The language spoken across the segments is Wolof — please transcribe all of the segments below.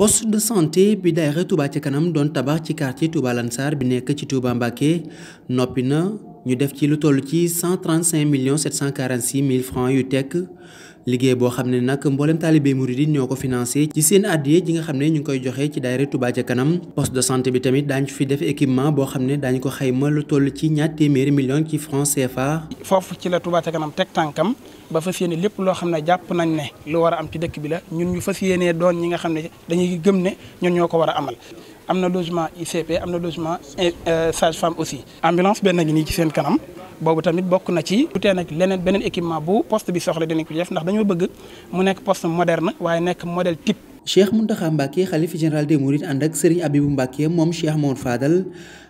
poste de santé bi daayira Touba ci kanam doon tabax ci quartier Touba Lansar bi nekk ci Touba Mbacké noppi na ñu def ci lu toll ci million cent millions 746 mille francs yu tekk liggéey boo xam ne nag mboolem taalibé muridin ñoo ko financé ci seen addiye ji nga xam ne ñu ngi koy joxe ci daayira Touba ca kanam poste de santé bi tamit daañu fi def équipement boo xam ne daañu ko xayma lu toll ci ñaar téeméeri million ci franc CFA. foofu ci la Touba kanam teg tànkam ba fas yéene lépp loo xam ne jàpp nañ ne lu war a am ci dëkk bi la ñun ñu fas yéenee doon ñi nga xam ne dañuy gëm ne ñun ñoo ko war a amal am na dosement ICP am na logement euh, euh, sage-femme aussi ambulance benn ngi nii ci seen kanam boobu tamit bokk na ci tutee nag leneen beneen équipement bu poste bi soxla dinañ ko def ndax dañoo bëgg mu nekk poste moderne waaye nekk modèle type Cheikh Mountakha Mbacké xalif général des Mourides ànd ak Serigne Abibou Mbacké moom Cheikh Mamour Fadal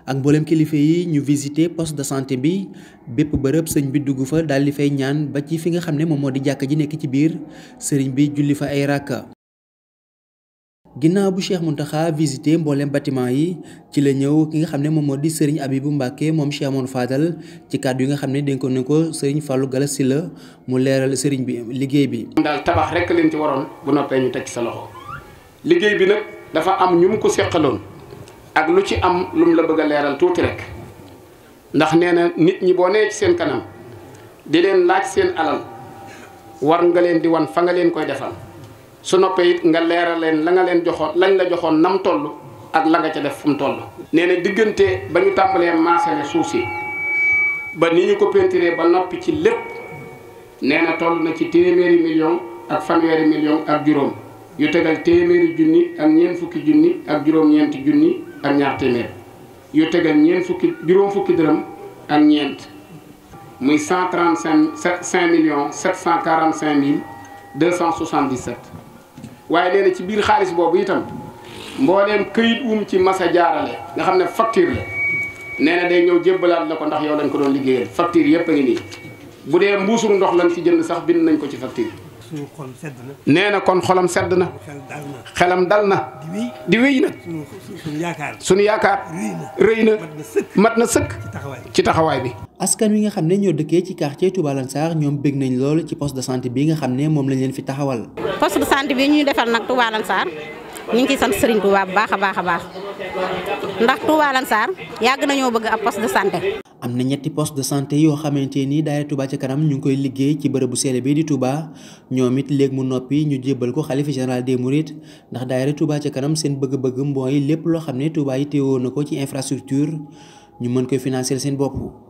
ak mboolem kilifa yi ñu visité poste de santé bi bépp bërëb sëñ bi dugg fa daal di fay ñaan ba ci fi nga xam ne moom moo di jàkka ji nekk ci biir sëriñ bi julli fa ay ràkka ginnaaw bu Cheikh Mountakha visité mboolem bâtiment yi ci la ñëw ki nga xam ne moom moo di ab Serigne bu Mbacke moom Cheikh Amoon Fadal ci kàddu yi nga xam ne dénkoon na ko Serigne Fallou Galass la mu leeral Serigne bi liggéey bi. daal tabax rek leen ci waroon bu noppee ñu teg sa liggéey bi nag dafa am ñu mu ko seqaloon ak lu ci am lu mu la bëgg a leeral tuuti rek ndax nee na nit ñi boo nee seen kanam di leen laaj seen alal war nga leen di wan fa nga leen koy defal. su noppee it nga leeral leen la nga leen joxoon lañ la joxoon nam toll ak la nga ca def fu mu toll. nee na diggante ba ñu tàmbalee maasale suuf si ba ni ñu ko pentiree ba noppi ci lépp nee na toll na ci téeméeri million ak fanweeri million ak juróom yu tegal téeméeri junni ak ñeent fukki junni ak juróom-ñeenti junni ak ñaar téeméer yu tegal ñeent fukki juróom fukki dërëm ak ñeent muy cent trente cinq millions sept cent quarante cinq mille deux cent soixante dix sept waaye nee na ci biir xaalis boobu itam mbooleem këyit um ci masa jaarale nga xam ne facture la nee na day ñëw jébbalaat la ko ndax yow lañ ko doon liggéeyal facture yëpp a ngi nii bu dee mbuusum ndox lañ ci jënd sax bind nañ ko ci facture suñu sedd na. nee na kon xolam sedd na. xelam dal na. di wéy di wéy yaakaar. suñu yaakaar rëy na mat na sëkk. ci taxawaay bi. askan wi nga xam ne ñoo dëkkee ci quartier Touba Lansar ñoom bëgg nañ lool ci poste de santé bi nga xam ne moom lañ leen fi taxawal. poste de santé bi ñuy ñu ngi ciy sant Serigne Touba baax a baax a baax ndax Touba Lansar yàgg nañoo bëgg ab poste de santé. am na ñetti poste de santé yoo xamante ni daayira Touba ca kanam ñu ngi koy liggéey ci bërëbu seele bi di Touba ñoom it léegi mu noppi ñu jébbal ko xalifa général des Mourides ndax daayira tubaa ca kanam seen bëgg-bëgg mbooy lépp loo xam ne Touba yi teewoo na ko ci infrastructure ñu mën koy financer seen bopp